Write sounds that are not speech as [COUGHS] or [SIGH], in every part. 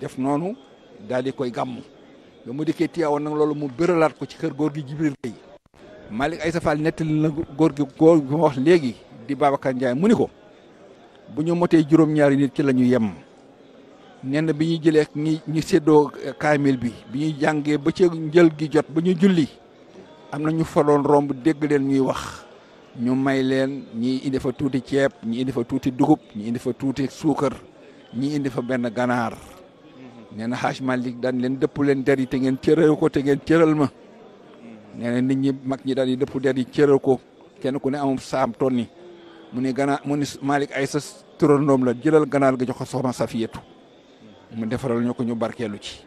def noonu daal di koy gàmm ba mu dikkee Tiwaawan nag loolu mu bëralaat ko ci kër góor gi Jibril Gay Malick ay Fall nettali na góor gi góor gi ma wax léegi di Babacar Ndiaye mu ni ko bu ñu motee juróom-ñaari nit ci la ñu yem nee bi ñuy jëlee ñi ñu seddoo kaamil bi bi ñuy jàngee ba ci njël gi jot ba ñu julli am na ñu foloon romb dégg leen ñuy wax ñu may leen ñu indi fa tuuti ceeb ñi indi fa tuuti dugub ñu indi fa tuuti suukar ñi indi fa benn ganaar nee na xaaj Malick daan leen dëpp leen der yi te ngeen cëral ko te ngeen cëral ma nee na nit ñi mag ñi daan yi dëpp der yi cëral ko kenn ku ne amum saam tonni mu ne ganaar mu ne Malick ay sa turandoom la jëlal ganaar ga jox ko soxna Safiyatu mu defaral ñu ko ñu barkeelu ci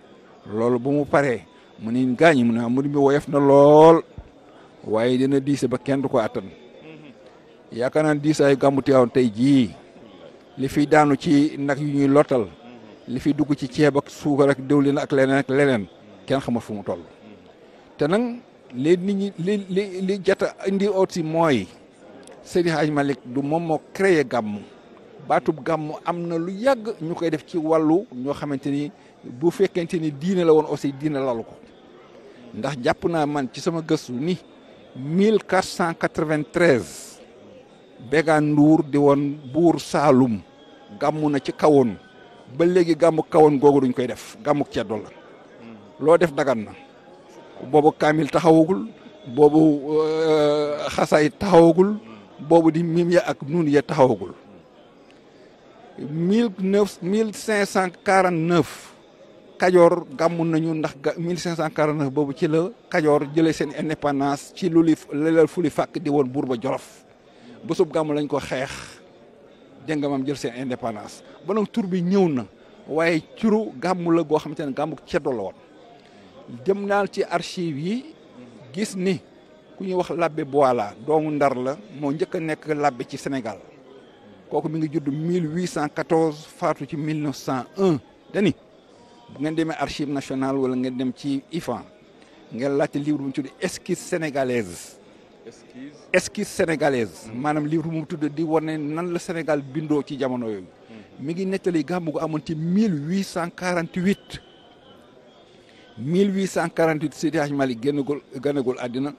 loolu bu mu paree mu ne gaañ mu ne mbir mi woyof na lool waaye na diise ba kenn du ko attan yaakaar naa diisaayu gàmmu Tiwaawan tey jii li fi daanu ci nag yu ñuy lotal li fi dugg ci ceeb ak suukar ak diwlin ak leneen ak leneen kenn xamul fu mu toll te nag li nit ñi li li jata indi aussi mooy Seydi Hadj Malick du moom moo créé gàmm baatub gàmm am na lu yàgg ñu koy def ci wàllu ñoo xamante ni bu fekkente ni diina la woon aussi diine lalu ko ndax jàpp naa man ci sama gëstu ni 1493 Béga Ndour di woon buur Saalum gàmm na ci kawoon ba léegi gàmmuk kawoon googu duñ koy def gàmmuk ceddoo la loo def dagan na boobu kaamil taxawagul boobu euh, xasaay taxawagul boobu di mim ya ak nuun ya taxawagul mille neuf mille cinq cent quarante neuf kajoor gàmmu nañu ndax ga mille cinq cent quarante boobu ci la kajoor jëlee seen indépendance ci lu li lelal fu li fàkk di woon buur ba jolof bésub gàmmu lañ ko xeex jëngamam jël seen indépendance ba nag tur bi ñëw na waaye curu gàmmu la goo xamante ne gàmmu ceddo la woon dem naa ci archive yi gis ni ku ñuy wax labbe Boala doomu Ndar la moo njëkk nekk labbe ci Sénégal kooku mu ngi judd 1814 faatu ci 1901 dani bu ngeen demee archive nationale wala ngeen dem ci IFAN ngeen laajte livre bu ñu tudd esquisse sénégalaise esquisse sénégalaise mhm. maanaam livre mu tudd di wane nan la Sénégal bindoo ci jamono yooyu mhm. mi ngi nettali gàmmu gu amoon ci mille huit cent quarante huit mille huit cent quarante huit Seydi Hadji Malick génnagul ganegul àddina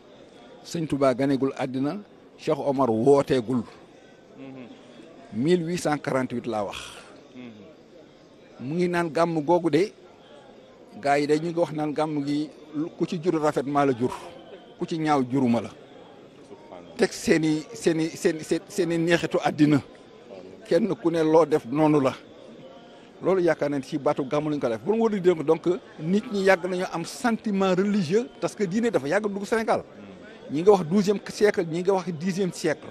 Sëñ Touba ganegul àddina Cheikh Omar wooteegul mhm. mille huit cent quarante huit laa wax mu ngi naan gàmm googu de gars yi de ñu ngi wax naan gàmm gi ku ci jur rafet maa la jur ku ci ñaaw juruma la teg seen i seen i seen seen i neexitu àddina kenn ku ne loo def noonu la loolu yaakaar nañ si baatu gàmmu lañ ko def bu mu wër donc nit ñi yàgg nañu am sentiment religieux parce que diine dafa yàgg dugg Sénégal ñi nga wax douzième siècle ñi nga wax dixième siècle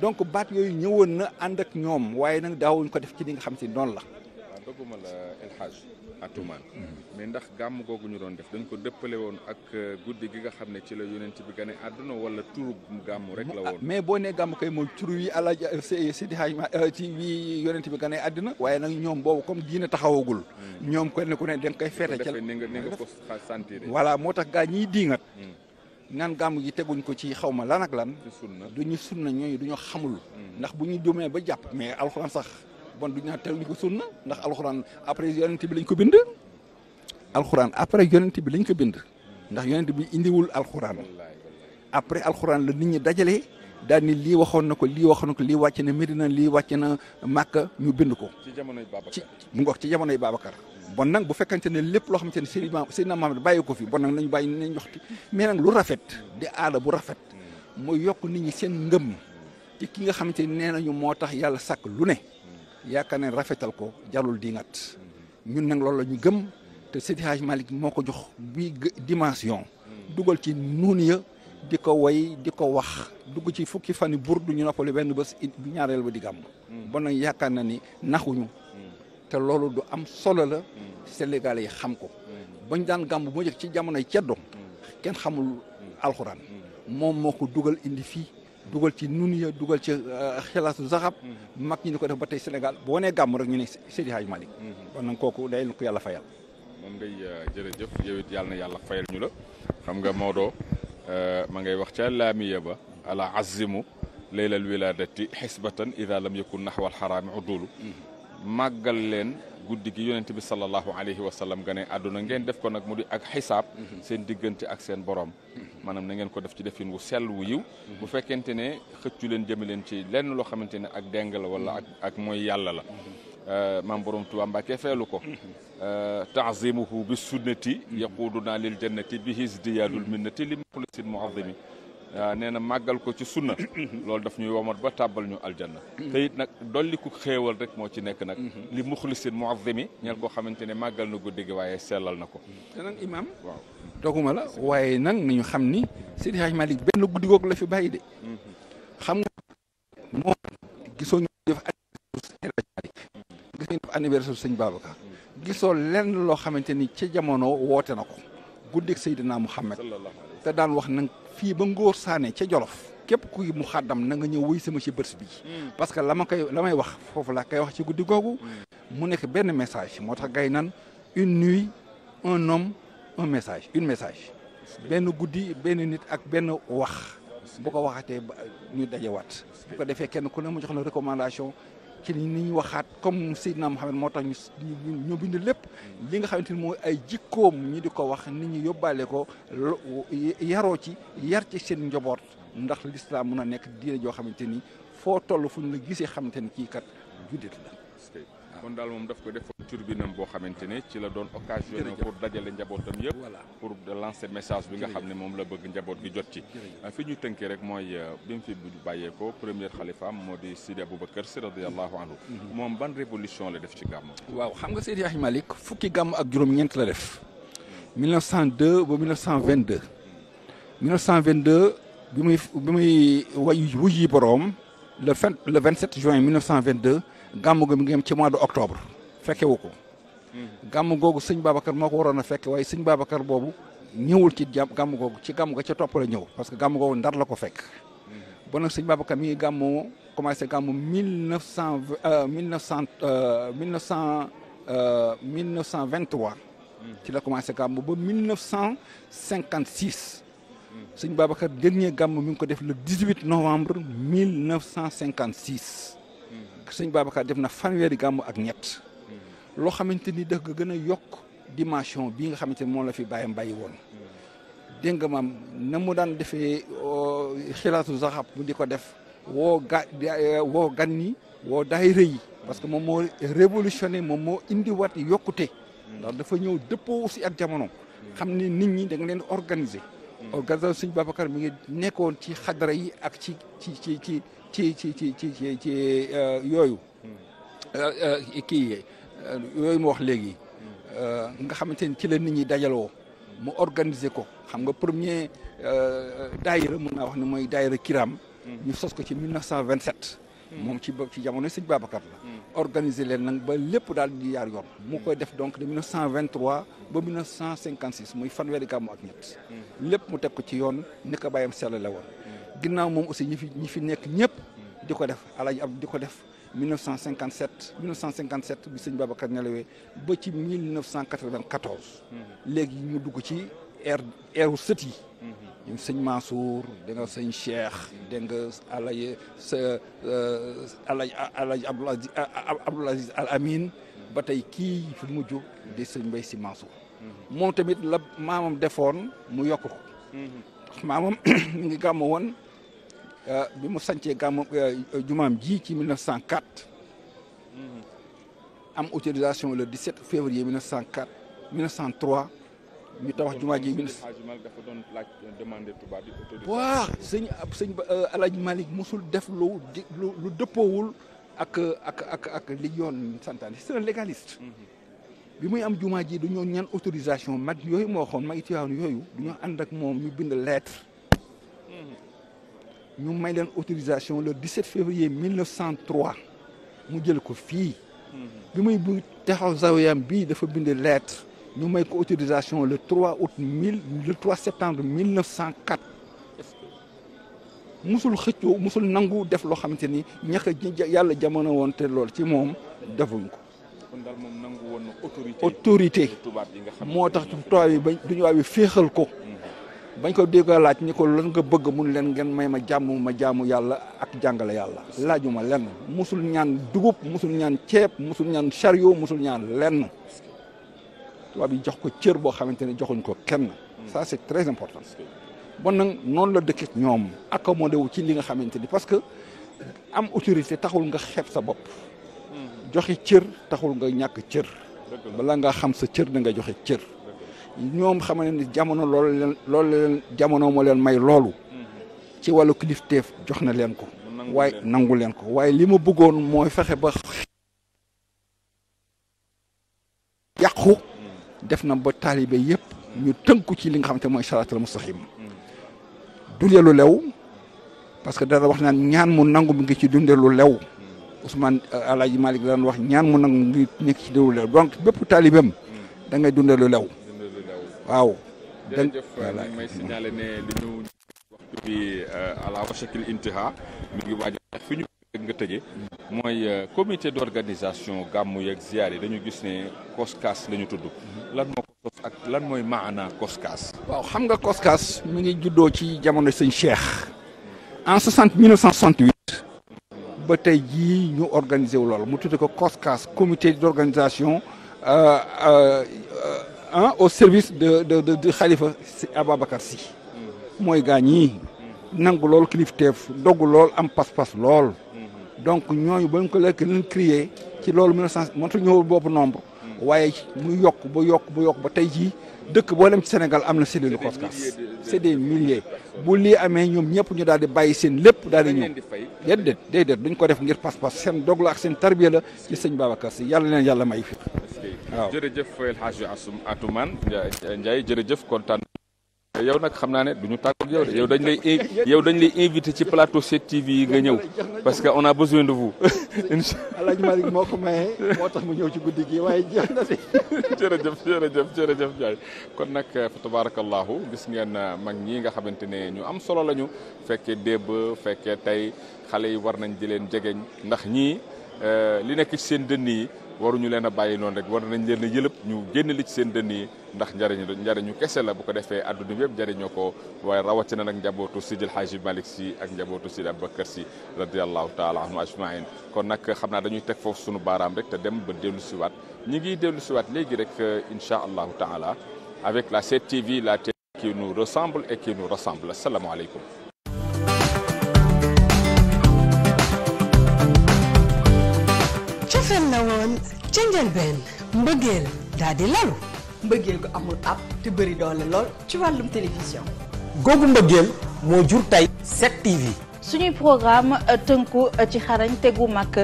donc baat yooyu ñëwoon na ànd ak ñoom waaye nag daawuñ ko def ci li nga xam si noonu la. waaw dëgg la El Hadj atumaan mais ndax gàmm googu ñu doon def dañ ko dëppale woon ak euh, guddi gi nga xam ne ci la yonent bi gane àdduna wala turu gàmm rek la woon mais boo nee gàmm kay mooy turu yi ala euh, Sidi Hadj Ma euh, ci yi yonent bi gane àdduna waaye nag ñoom boobu comme diina taxawagul ñoom kenn ku ne da nga koy feete ca ni nga ko sentir voilà moo tax gaa ñiy diingat hmm. naan gàmm gi teguñ ko ci xaw ma lan ak lan duñu sunna ñooñu du ñu xamul hmm. ndax bu ñu dumee ba jàpp mais alxuraan sax bon duñ naan teg luñ ko sunna ndax alxuraan après yonent bi lañ ko bind. alxuraan après yonent bi lañ ko bind ndax yonent bi indiwul alxuraan après alxuraan la nit ñi dajale daal ni lii waxoon na ko lii waxoon na ko lii wàcc na Medina lii wàcc na Màkka ñu bind ko. ci jamonoy Babacar ci mu ngoog ci jamonoy Babacar. bon nag bu fekkante ne lépp loo xamante ne Seydina Seydina Mohamed bàyyi ko fi bon nag nañu bàyyi nañu waxti mais nag lu rafet di aada bu rafet mooy yokk nit ñi seen ngëm ci ki nga xamante ne nee nañu moo tax yàlla sàkk lu ne. yaakaar ne rafetal ko jarul diingat ñun nag loolu la ñu gëm te Seydi Hadj moo ko jox bi dimension dugal ci nuun ya di ko woy di ko wax dugg ci fukki fan yi bur du ñu noppalu benn bés bu ñaareel ba di gàmm bon nag yaakaar na ni naxuñu te loolu du am solo la Sénégalais yi xam ko bañ daan gàmm bu njëkk ci jamonoy ceddo kenn xamul alxuraan moom moo ko dugal indi fii dugal ci nun ya dugal ci euh, xilaasu zaxab mm-hmm. mag ñi di ko def ba tey Sénégal boo nee gàmm rek ñu ne Seydi Hadj Malick mm-hmm. kon nag kooku day na ko yàlla fayal moom ngay euh, jërëjëf yow it yàlla na yàlla fayal ñu la xam nga Maodo euh, ma ngay wax ca laamiya ba ala azimu leylal wiladati xisbatan ida lam yakun naxwa alxaraami udulu mm-hmm. màggal leen guddi gi yonent bi sallallahu alayhi wa sallam gane àdduna ngeen def ko nag mu di ak xisaab seen diggante ak seen borom maanaam na ngeen ko def ci defin wu sel wu yiw bu fekkente ne xëccu leen jëme leen ci lenn loo xamante ne ak deng la wala ak ak mooy yàlla la euh, maam borom Tuubaa Mbàkke feelu ko euh, taazimuhu bi sunnati yaquuduna lil jannati bi hisdiyaadul minnati li muxlisin muazimi Euh, nee na màggal ko ci sunna [COUGHS] loolu daf ñuy womat ba tàbbal ñu aljanna mm-hmm. te nag dolli ku xéewal rek moo ci nekk nag mm-hmm. li muxlisin muazzimi ñel koo xamante ne màggal na guddi gi waaye sellal na ko mm-hmm. te nag imaam waaw doguma la waaye nag nañu xam ni Seydi Hadj Malick benn guddi googu la fi bàyyi de xam nga moom gisoo ñu sëñ Babacar gisoo lenn loo xamante ni ci jamono woote na ko guddik Seydina Muhammad te daan wax nag fii ba Ngor Sané ca Jolof képp kuy mu xaddam na nga ñëw wuy sama ci bés bi hmm. parce que la koy la wax foofu la koy wax ci guddi googu hmm. mu nekk benn message moo tax gay nan une nuit un homme un message une message benn guddi benn nit ak benn wax bu ko waxatee ñu dajewaat bu ko defee kenn ku ne mu jox na recommandation ci ni ñu waxaat comme Seydina Mohamed moo tax ñu ñu bind lépp li nga xamante ni mooy ay jikkoom ñi di ko wax ni ñu yóbbaale ko yaroo ci yar ci seen njaboot ndax lislaam mun a nekk diine joo xamante ni foo toll fu ñu la gisee xamante ni kii kat juddit la kon daal moom daf ko def turbinam boo xamante ne ci la doon occasionné pour dajale njabootam yëpp pour lancer message bi nga xam ne moom la bëgg njaboot gi jot ci euh, fi ñu tënkee rek mooy euh, bi mu fi bàyyee ko première xalifaam moo di Sidi Aboubacar Sy radiallahu anhu mhm. moom ban révolution la def ci gàmm waaw xam nga Seydi Hadji Malick fukki gàmm ak juróom-ñeent la def 1902 ba 1922 1922 bi muy bi muy way wuy yi boroom le vingt le 27 juin 1922 gàmm gi mu ngi am ci mois de octobre fekke wu ko. gàmm googu sëñ Babacar moo ko waroon a fekke waaye sëñ Babacar boobu ñëwul ci jàmm gàmm googu ci gàmm ga ca topp la ñëw parce que gàmm googu ndar la ko fekk. ba nag sëñ Babacar mi ngi gàmmu commencé gàmmu mille neuf cent euh, mille neuf cent euh, mille neuf cent euh, mille neuf cent vingt trois ci la commencé gàmmu ba mille neuf cent cinquante six. sëñ Babacar dernier gàmm mi ngi ko def le dix huit novembre mille neuf cent cinquante sëñ Babacar def na fanweeri gàmm ak ñett loo xamante ni daf gën a yokk dimension bii nga xamante ni moom la fi bàyyam bàyyi woon dégg nga maam na mu daan defee euh, xilaatu zaxab mu di ko def woo ga gan ñi woo daay rëy parce que moom moo révolutionné moom moo indiwaat yokkute ndax dafa ñëw dëppoo aussi ak jamono xam ni nit ñi da nga leen organiser mm. organisation sëñ Babacar mu ngi nekkoon ci xadara yi ak ci ci ci ci ci ci ci ci ci ci euh, yooyu euh, euh, kii yooyu ma wax léegi nga xamante ni ci la nit ñi dajaloo mu organiser ko xam nga premier daayira mun naa wax ne mooy daayira kiram ñu sos ko ci 1927 moom ci ci jamono sëñ Babacar la organiser leen nag ba lépp daal di yaar yoon mu koy def donc de 1923 ba 1956 muy fanweeri gàmmu ak ñett lépp mu teg ko ci yoon ni ko bàyyam sell la woon ginnaaw moom aussi ñi fi ñi fi nekk ñëpp di ko def Alaaji Abdu di ko def 1957 1957 bi sëñ Babacar nelawee ba ci 1994. Mhm. léegi ñu dugg ci air airu sët yi. Mhm. sëñ Mansour da nga sëñ Cheikh da nga Alaaji euh, Aziz Al Amin ba tey kii fi mujj di sëñ Mbaye Sy Mansour. Mhm. moom tamit la maamam defoon mu yokk maamam [COUGHS] mi ngi gàmm woon. Euh, bi mu sancee gàmm euh, jumaam ji ci 1904 mhm. am autorisation le 17 février 1904 1903 ñu tabax jumaa ji ministre dafa doon laaj euh, demandé tubaab bi autorisation waaw sëñ ab sëñ Alaaji mosul def lu lu lu dëppoowul ak ak ak ak li yoon santaane c'est un légaliste mhm. bi muy am jumaa ji dañoo ñen autorisation mag yooyu moo xoon mag yi Tiwaawan yooyu dañoo ànd ak moom ñu bind lettre mhm. ñu may leen autorisation le 17 février 1903 mu jël ko fii. Mhm. bi muy bu taxaw zawiyam bii dafa bind lettre ñu may ko autorisation le trois août mille le 3 septembre 1904. musul xëccoo musul nangu def loo xamante ni ñax yàlla jamono woon te lool ci moom defuñ ko. kon daal moom nangu woon na autorité. moo tax tubaab yi ba duñu waa bi féexal ko. Mm. bañ ko dégga laaj ni ko lan nga bëgg mun leen ngeen may ma jàmm ma jaamu yàlla ak jàngale yàlla laajuma lenn mosul ñaan dugub musul ñaan ceeb musul ñaan chariot musul ñaan lenn tubaab jox ko cër boo xamante ne joxuñ ko kenn ça c'est très important bon nag noonu la dëkk ñoom accommodé wu ci li nga xamante ni parce que am autorité taxul nga xeeb sa bopp hmm. joxi cër taxul nga ñàkk cër balaa nga xam sa cër da nga joxe cër ñoom xam ni jamono loolu leen loolu leen jamono moo leen may loolu mm-hmm. ci wàllu kilifteef jox na leen ko waaye nangu leen ko waaye li ma bëggoon mooy fexe ba yàqu mm-hmm. def na ba taalibe yépp ñu tënku ci li nga xamante mooy salaatul mustaqim mm-hmm. dundee lu lew parce que dara wax naan ñaan mu nangu mi ngi ci dundee lu lew Ousmane Alaaji Malick daan wax ñaan mu nangu mi ngi nekk ci dundee lu lew donc bépp taalibeem dangay ngay dundee lu lew waaw. jërëjëf voilà may signaler ne dañu waxtu bi ala euh, washakil intiha mi ngi waaj fi ñu nga tëjee mooy euh, comité d'organisation gàmmu yeeg ziyaar yi dañu gis ne COSCAS la ñu tudd mhm. lan moo ko ak lan mooy maana COSCAS waaw xam nga COSCAS mi ngi juddoo ci jamono sëñ Cheikh en 60 1968 ba tey jii ñu organisé wu lool mu tudd ko COSCAS comité d'organisation euh, ah au service de de de de Khalifa Ababacar Sy. mooy gaa ñii. nangu lool kilifteef dogg lool am pas-pas lool. donc ñooñu ba ñu ko lekk leen crier ci loolu mille cent mënut a ñëwul bopp nombre. waaye mu yokk ba yokk ba yokk ba tey jii dëkk boo dem ci Sénégal am na cellule Koskas c'est des milliers bu lii amee ñoom ñëpp ñu daal di bàyyi seen lépp daal di ñëw déedéet déedéet duñ ko def ngir pas-pas seen dog la ak seen tarbiya la ci sëñ Babacar Sy yàlla leen yàlla may fi waaw jërëjëf El Hadj Assoum Atoumane Ndiaye jërëjëf kontaan. yow nag xam naa ne du ñu tàggoog yow de yow dañ lay yow dañ lay invité ci plateau 7TV yi nga ñëw parce que on a besoin de vous. [LAUGHS] incha [LAUGHS] allah moo tax mu ñëw ci guddi gi waaye [LAUGHS] jërëjëf jërëjëf jërëjëf Ndiaye kon nag fa tabarakallahu gis ngeen uh, mag ñi nga xamante ne ñu am solo lañu fekkee démb fekkee tey xale yi war nañ di leen jegeñ ndax ñii uh, li nekk ci seen dënn yi. waruñu leen a bàyyi noonu rek war nañ leen a yëlëb ñu génn li ci seen dënn yi ndax njariñu njariñu kese la bu ko defee adduna bi yëpp njariñoo ko waaye rawatina nag njabootu jël Haaji Malick si ak njabootu si Sidi Aboubacar si radiallahu taala anhum ajmain kon nag xam naa dañuy teg foofu sunu baaraam rek te dem ba dellu siwaat ñi ngi dellu siwaat léegi rek euh, inchaa allahu taala avec la 7TV la télé kii nous ressemble et qui nous rassemble asalaamaaleykum woon ca njëlbeen mbëggeel daal di lalu mbëggeel gu amul ab te bëri doole lool ci wàllum télévision googu mbëggeel moo jur tey 7TV suñuy programme euh, tënku euh, ci xarañ tegu mag ak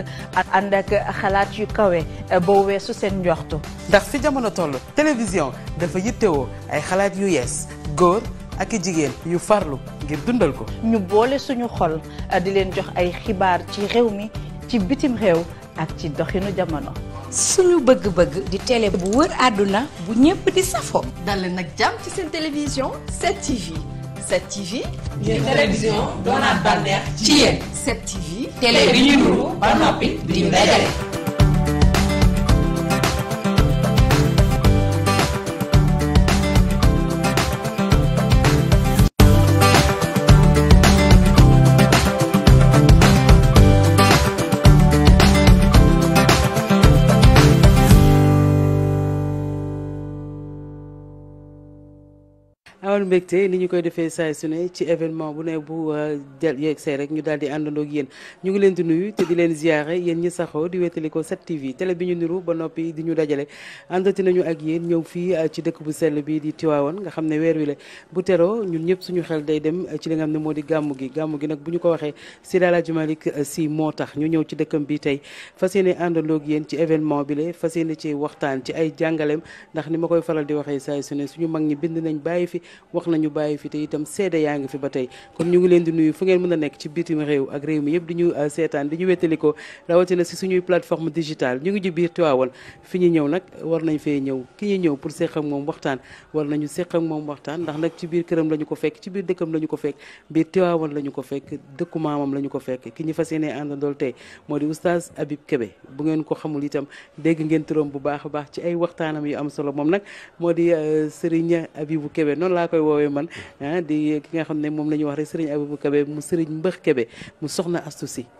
euh, ànd ak xalaat yu kawe boo weesu seen njoxtu ndax fi jamono toll télévision dafa yittewoo ay xalaat yu yees góor ak i jigéen yu farlu ngir dundal ko ñu boole suñu xol di leen jox ay xibaar ci réew mi ci bitim réew ak ci doxinu jamono. suñu bëgg-bëgg di télé bu wër àdduna bu ñëpp di safo dal nag jàmm ci seen télévision 7TV 7TV. yéen télévision doonaat bànneex ci yéen. 7TV. télé bi ñu nuru ba noppi di dajale. mbégte li ñu koy defee saa su ci événement bu ne bu jël euh, yegsee rek ñu daal di àndandoo yéen ñu ngi leen di nuyu te di leen ziare yéen ñi saxoo di wétali ko 7TV télé bi ñu niru ba noppi di ñu dajale àndati nañu ak yéen ñëw fii euh, ci dëkk bu sell bi di Tiwaawan nga xam ne weer wi la bu teroo ñun ñëpp suñu xel day dem euh, ci li nga ne moo di gàmmu gi gàmmu gi nag bu ñu ko waxee si daala jumalik si moo tax ñu ñëw ci dëkkam bi tey fas yéene àndandoo yéen ci événement bi la fas yéene ci waxtaan ci ay jàngaleem ndax ni ma koy faral di waxee saa su suñu mag ñi bind nañ bàyyi fi wax nañu bàyyi fi te itam seede yaa ngi fi ba tey kon ñu ngi leen di nuyu fu ngeen mën a nekk ci bitim réew ak réew mi yëpp di ñu euh, seetaan di ñu wettalikoo rawatina si suñuy plateforme digitale ñu ngi ji biir Tiwaawan fi ñu ñëw nag war nañ fee ñëw ki ñu ñëw pour seq moom waxtaan war nañu seq moom waxtaan ndax nag ci biir këram la ko fekk ci biir dëkkam la ñu ko fekk biir Tiwaawan la ko fekk dëkku maamam la ñu ko fekk ki ñu fa yéene àndandool tey moo di oustaz Habib Kébé bu ngeen ko xamul itam bu baax a baax ci ay waxtaanam yu am solo moom nag moo di euh, Serigne Habibou Kébé noonu woowee man ah, di ki nga xam ne moom la ñuy wax rek sëriñ Abibou Kébé mu sëriñ Mbëx kebe mu soxna astu